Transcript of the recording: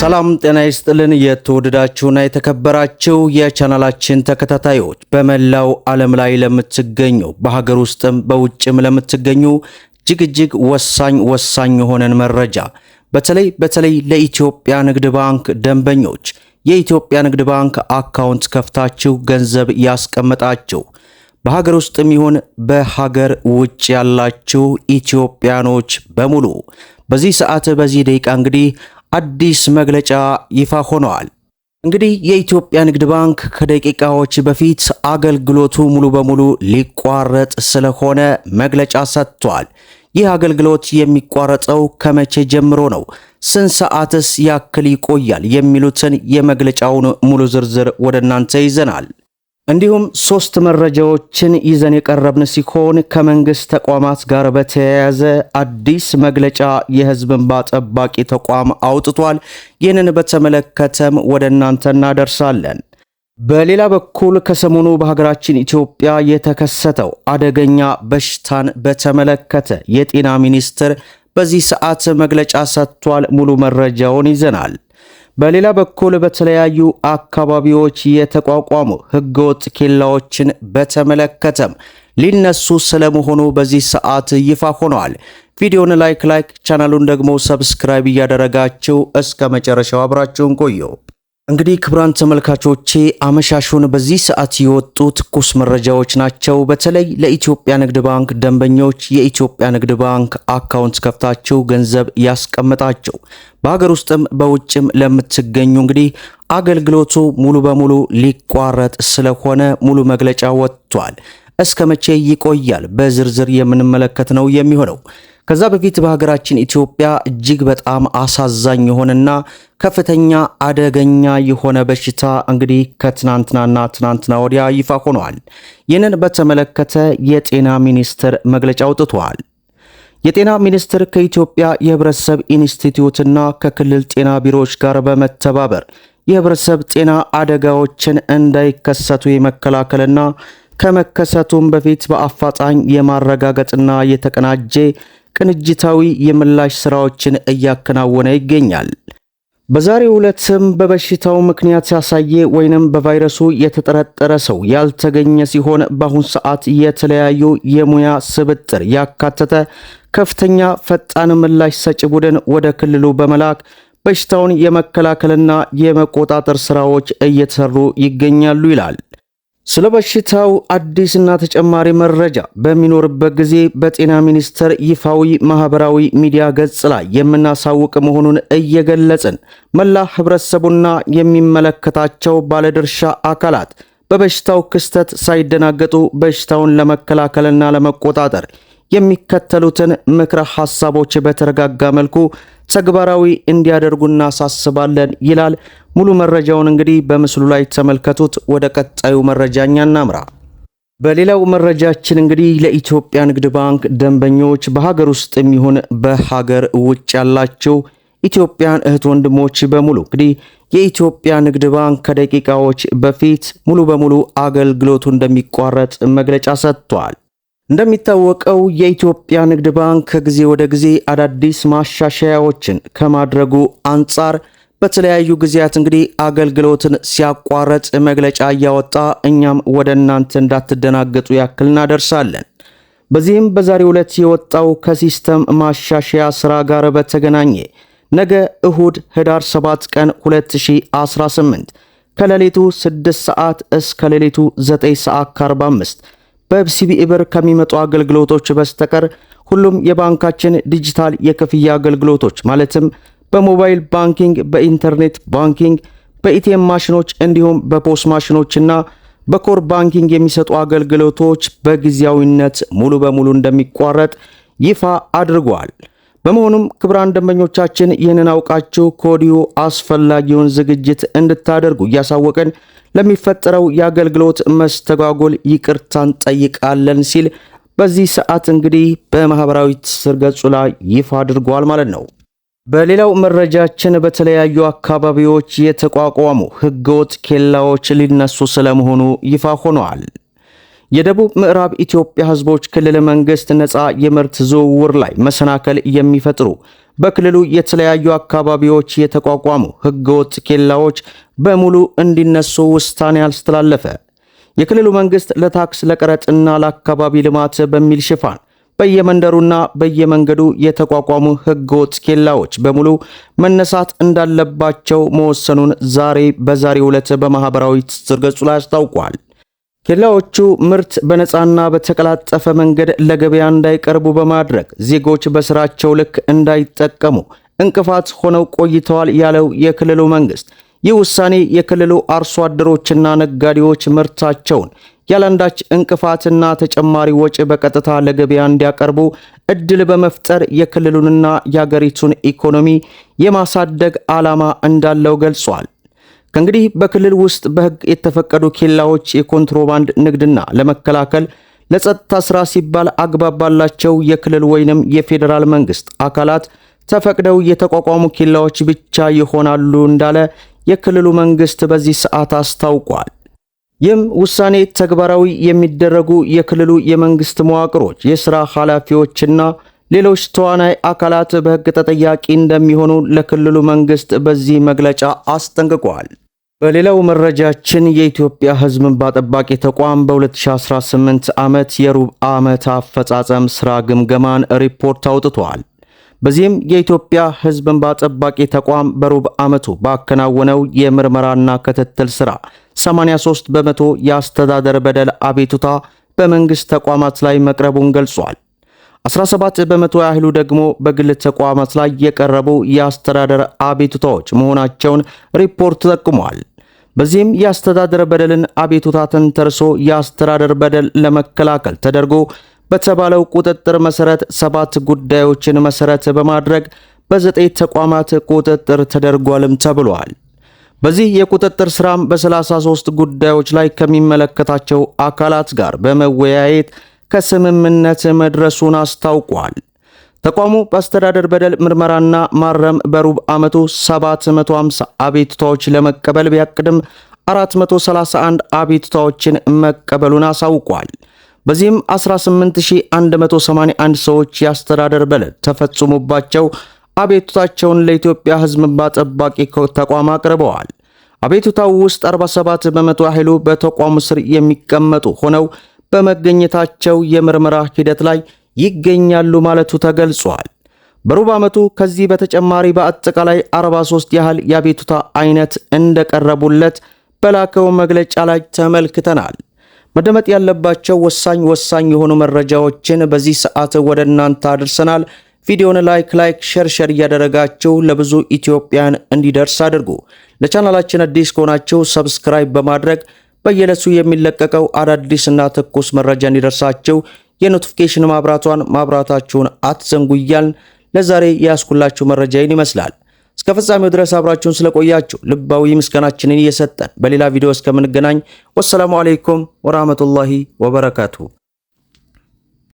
ሰላም ጤና ይስጥልን። የተወደዳችሁና የተከበራችሁ የቻናላችን ተከታታዮች በመላው ዓለም ላይ ለምትገኙ በሀገር ውስጥም በውጭም ለምትገኙ እጅግ እጅግ ወሳኝ ወሳኝ የሆነን መረጃ በተለይ በተለይ ለኢትዮጵያ ንግድ ባንክ ደንበኞች የኢትዮጵያ ንግድ ባንክ አካውንት ከፍታችሁ ገንዘብ ያስቀመጣችሁ በሀገር ውስጥም ይሁን በሀገር ውጭ ያላችሁ ኢትዮጵያኖች በሙሉ በዚህ ሰዓት በዚህ ደቂቃ እንግዲህ አዲስ መግለጫ ይፋ ሆነዋል። እንግዲህ የኢትዮጵያ ንግድ ባንክ ከደቂቃዎች በፊት አገልግሎቱ ሙሉ በሙሉ ሊቋረጥ ስለሆነ መግለጫ ሰጥቷል። ይህ አገልግሎት የሚቋረጠው ከመቼ ጀምሮ ነው? ስንት ሰዓትስ ያክል ይቆያል? የሚሉትን የመግለጫውን ሙሉ ዝርዝር ወደ እናንተ ይዘናል። እንዲሁም ሶስት መረጃዎችን ይዘን የቀረብን ሲሆን ከመንግስት ተቋማት ጋር በተያያዘ አዲስ መግለጫ የህዝብ እንባ ጠባቂ ተቋም አውጥቷል። ይህንን በተመለከተም ወደ እናንተ እናደርሳለን። በሌላ በኩል ከሰሞኑ በሀገራችን ኢትዮጵያ የተከሰተው አደገኛ በሽታን በተመለከተ የጤና ሚኒስትር በዚህ ሰዓት መግለጫ ሰጥቷል። ሙሉ መረጃውን ይዘናል። በሌላ በኩል በተለያዩ አካባቢዎች የተቋቋሙ ህገወጥ ኬላዎችን በተመለከተም ሊነሱ ስለመሆኑ በዚህ ሰዓት ይፋ ሆነዋል። ቪዲዮን ላይክ ላይክ ቻናሉን ደግሞ ሰብስክራይብ እያደረጋችሁ እስከ መጨረሻው አብራችሁን ቆየው። እንግዲህ ክቡራን ተመልካቾቼ አመሻሹን በዚህ ሰዓት የወጡ ትኩስ መረጃዎች ናቸው። በተለይ ለኢትዮጵያ ንግድ ባንክ ደንበኞች የኢትዮጵያ ንግድ ባንክ አካውንት ከፍታችሁ ገንዘብ ያስቀምጣችሁ። በሀገር ውስጥም በውጭም ለምትገኙ እንግዲህ አገልግሎቱ ሙሉ በሙሉ ሊቋረጥ ስለሆነ ሙሉ መግለጫ ወጥቷል። እስከ መቼ ይቆያል? በዝርዝር የምንመለከት ነው የሚሆነው ከዛ በፊት በሀገራችን ኢትዮጵያ እጅግ በጣም አሳዛኝ የሆነና ከፍተኛ አደገኛ የሆነ በሽታ እንግዲህ ከትናንትናና ትናንትና ወዲያ ይፋ ሆኗል። ይህንን በተመለከተ የጤና ሚኒስቴር መግለጫ አውጥቷል። የጤና ሚኒስቴር ከኢትዮጵያ የህብረተሰብ ኢንስቲትዩትና ከክልል ጤና ቢሮዎች ጋር በመተባበር የህብረተሰብ ጤና አደጋዎችን እንዳይከሰቱ የመከላከልና ከመከሰቱም በፊት በአፋጣኝ የማረጋገጥና የተቀናጀ ቅንጅታዊ የምላሽ ስራዎችን እያከናወነ ይገኛል። በዛሬው ዕለትም በበሽታው ምክንያት ያሳየ ወይንም በቫይረሱ የተጠረጠረ ሰው ያልተገኘ ሲሆን በአሁን ሰዓት የተለያዩ የሙያ ስብጥር ያካተተ ከፍተኛ ፈጣን ምላሽ ሰጪ ቡድን ወደ ክልሉ በመላክ በሽታውን የመከላከልና የመቆጣጠር ስራዎች እየተሰሩ ይገኛሉ ይላል። ስለ በሽታው አዲስና ተጨማሪ መረጃ በሚኖርበት ጊዜ በጤና ሚኒስቴር ይፋዊ ማህበራዊ ሚዲያ ገጽ ላይ የምናሳውቅ መሆኑን እየገለጽን መላ ህብረተሰቡና የሚመለከታቸው ባለድርሻ አካላት በበሽታው ክስተት ሳይደናገጡ በሽታውን ለመከላከልና ለመቆጣጠር የሚከተሉትን ምክረ ሐሳቦች በተረጋጋ መልኩ ተግባራዊ እንዲያደርጉ እናሳስባለን ይላል። ሙሉ መረጃውን እንግዲህ በምስሉ ላይ ተመልከቱት። ወደ ቀጣዩ መረጃኛ እናምራ። በሌላው መረጃችን እንግዲህ ለኢትዮጵያ ንግድ ባንክ ደንበኞች በሀገር ውስጥ የሚሆን በሀገር ውጭ ያላቸው ኢትዮጵያን እህት ወንድሞች በሙሉ እንግዲህ የኢትዮጵያ ንግድ ባንክ ከደቂቃዎች በፊት ሙሉ በሙሉ አገልግሎቱ እንደሚቋረጥ መግለጫ ሰጥቷል። እንደሚታወቀው የኢትዮጵያ ንግድ ባንክ ከጊዜ ወደ ጊዜ አዳዲስ ማሻሻያዎችን ከማድረጉ አንጻር በተለያዩ ጊዜያት እንግዲህ አገልግሎትን ሲያቋረጥ መግለጫ እያወጣ እኛም ወደ እናንተ እንዳትደናገጡ ያክል እናደርሳለን። በዚህም በዛሬው ዕለት የወጣው ከሲስተም ማሻሻያ ስራ ጋር በተገናኘ ነገ እሁድ ህዳር 7 ቀን 2018 ከሌሊቱ 6 ሰዓት እስከ ሌሊቱ 9 ሰዓት 45 በሲቢኢ ብር ከሚመጡ አገልግሎቶች በስተቀር ሁሉም የባንካችን ዲጂታል የክፍያ አገልግሎቶች ማለትም በሞባይል ባንኪንግ፣ በኢንተርኔት ባንኪንግ፣ በኢቲኤም ማሽኖች እንዲሁም በፖስ ማሽኖችና በኮር ባንኪንግ የሚሰጡ አገልግሎቶች በጊዜያዊነት ሙሉ በሙሉ እንደሚቋረጥ ይፋ አድርጓል። በመሆኑም ክቡራን ደንበኞቻችን ይህንን አውቃችሁ ከወዲሁ አስፈላጊውን ዝግጅት እንድታደርጉ እያሳወቅን ለሚፈጠረው የአገልግሎት መስተጓጎል ይቅርታ ጠይቃለን ሲል በዚህ ሰዓት እንግዲህ በማህበራዊ ትስስር ገጹ ላይ ይፋ አድርጓል ማለት ነው። በሌላው መረጃችን በተለያዩ አካባቢዎች የተቋቋሙ ህገወጥ ኬላዎች ሊነሱ ስለመሆኑ ይፋ ሆነዋል። የደቡብ ምዕራብ ኢትዮጵያ ህዝቦች ክልል መንግስት ነፃ የምርት ዝውውር ላይ መሰናከል የሚፈጥሩ በክልሉ የተለያዩ አካባቢዎች የተቋቋሙ ህገወጥ ኬላዎች በሙሉ እንዲነሱ ውሳኔ አስተላለፈ። የክልሉ መንግስት ለታክስ ለቀረጥና ለአካባቢ ልማት በሚል ሽፋን በየመንደሩና በየመንገዱ የተቋቋሙ ህገወጥ ኬላዎች በሙሉ መነሳት እንዳለባቸው መወሰኑን ዛሬ በዛሬ ዕለት በማህበራዊ ትስስር ገጹ ላይ አስታውቋል። ኬላዎቹ ምርት በነፃና በተቀላጠፈ መንገድ ለገበያ እንዳይቀርቡ በማድረግ ዜጎች በስራቸው ልክ እንዳይጠቀሙ እንቅፋት ሆነው ቆይተዋል ያለው የክልሉ መንግስት ይህ ውሳኔ የክልሉ አርሶ አደሮችና ነጋዴዎች ምርታቸውን ያለአንዳች እንቅፋትና ተጨማሪ ወጪ በቀጥታ ለገበያ እንዲያቀርቡ እድል በመፍጠር የክልሉንና የአገሪቱን ኢኮኖሚ የማሳደግ ዓላማ እንዳለው ገልጿል። ከእንግዲህ በክልል ውስጥ በሕግ የተፈቀዱ ኬላዎች የኮንትሮባንድ ንግድና ለመከላከል ለጸጥታ ሥራ ሲባል አግባብ ባላቸው የክልል ወይንም የፌዴራል መንግሥት አካላት ተፈቅደው የተቋቋሙ ኬላዎች ብቻ ይሆናሉ እንዳለ የክልሉ መንግስት በዚህ ሰዓት አስታውቋል። ይህም ውሳኔ ተግባራዊ የሚደረጉ የክልሉ የመንግስት መዋቅሮች፣ የሥራ ኃላፊዎችና ሌሎች ተዋናይ አካላት በሕግ ተጠያቂ እንደሚሆኑ ለክልሉ መንግስት በዚህ መግለጫ አስጠንቅቋል። በሌላው መረጃችን የኢትዮጵያ ሕዝብ እንባ ጠባቂ ተቋም በ2018 ዓመት የሩብ ዓመት አፈጻጸም ሥራ ግምገማን ሪፖርት አውጥቷል። በዚህም የኢትዮጵያ ሕዝብ እንባ ጠባቂ ተቋም በሩብ ዓመቱ ባከናወነው የምርመራና ክትትል ሥራ 83 በመቶ የአስተዳደር በደል አቤቱታ በመንግሥት ተቋማት ላይ መቅረቡን ገልጿል። 17 በመቶ ያህሉ ደግሞ በግል ተቋማት ላይ የቀረቡ የአስተዳደር አቤቱታዎች መሆናቸውን ሪፖርት ጠቁሟል። በዚህም የአስተዳደር በደልን አቤቱታ ተንተርሶ የአስተዳደር በደል ለመከላከል ተደርጎ በተባለው ቁጥጥር መሰረት ሰባት ጉዳዮችን መሰረት በማድረግ በዘጠኝ ተቋማት ቁጥጥር ተደርጓልም ተብሏል። በዚህ የቁጥጥር ስራም በ33 ጉዳዮች ላይ ከሚመለከታቸው አካላት ጋር በመወያየት ከስምምነት መድረሱን አስታውቋል። ተቋሙ በአስተዳደር በደል ምርመራና ማረም በሩብ ዓመቱ 750 አቤቱታዎች ለመቀበል ቢያቅድም 431 አቤቱታዎችን መቀበሉን አሳውቋል። በዚህም 18181 ሰዎች የአስተዳደር በለ ተፈጽሞባቸው አቤቱታቸውን ለኢትዮጵያ ሕዝብ እንባ ጠባቂ ተቋም አቅርበዋል። አቤቱታው ውስጥ 47 በመቶ ያህሉ በተቋሙ ስር የሚቀመጡ ሆነው በመገኘታቸው የምርመራ ሂደት ላይ ይገኛሉ ማለቱ ተገልጿል። በሩብ ዓመቱ ከዚህ በተጨማሪ በአጠቃላይ 43 ያህል የአቤቱታ አይነት እንደቀረቡለት በላከው መግለጫ ላይ ተመልክተናል። መደመጥ ያለባቸው ወሳኝ ወሳኝ የሆኑ መረጃዎችን በዚህ ሰዓት ወደ እናንተ አድርሰናል። ቪዲዮን ላይክ ላይክ ሼር ሼር እያደረጋችሁ ለብዙ ኢትዮጵያን እንዲደርስ አድርጉ። ለቻናላችን አዲስ ከሆናችሁ ሰብስክራይብ በማድረግ በየዕለቱ የሚለቀቀው አዳዲስና ትኩስ መረጃ እንዲደርሳችሁ የኖቲፊኬሽን ማብራቷን ማብራታችሁን አትዘንጉ እያልን ለዛሬ ያስኩላችሁ መረጃ ይህን ይመስላል። እስከ ፍጻሜው ድረስ አብራችሁን ስለቆያችሁ ልባዊ ምስጋናችንን እየሰጠን በሌላ ቪዲዮ እስከምንገናኝ ወሰላሙ አሌይኩም ወራህመቱላሂ ወበረካቱሁ።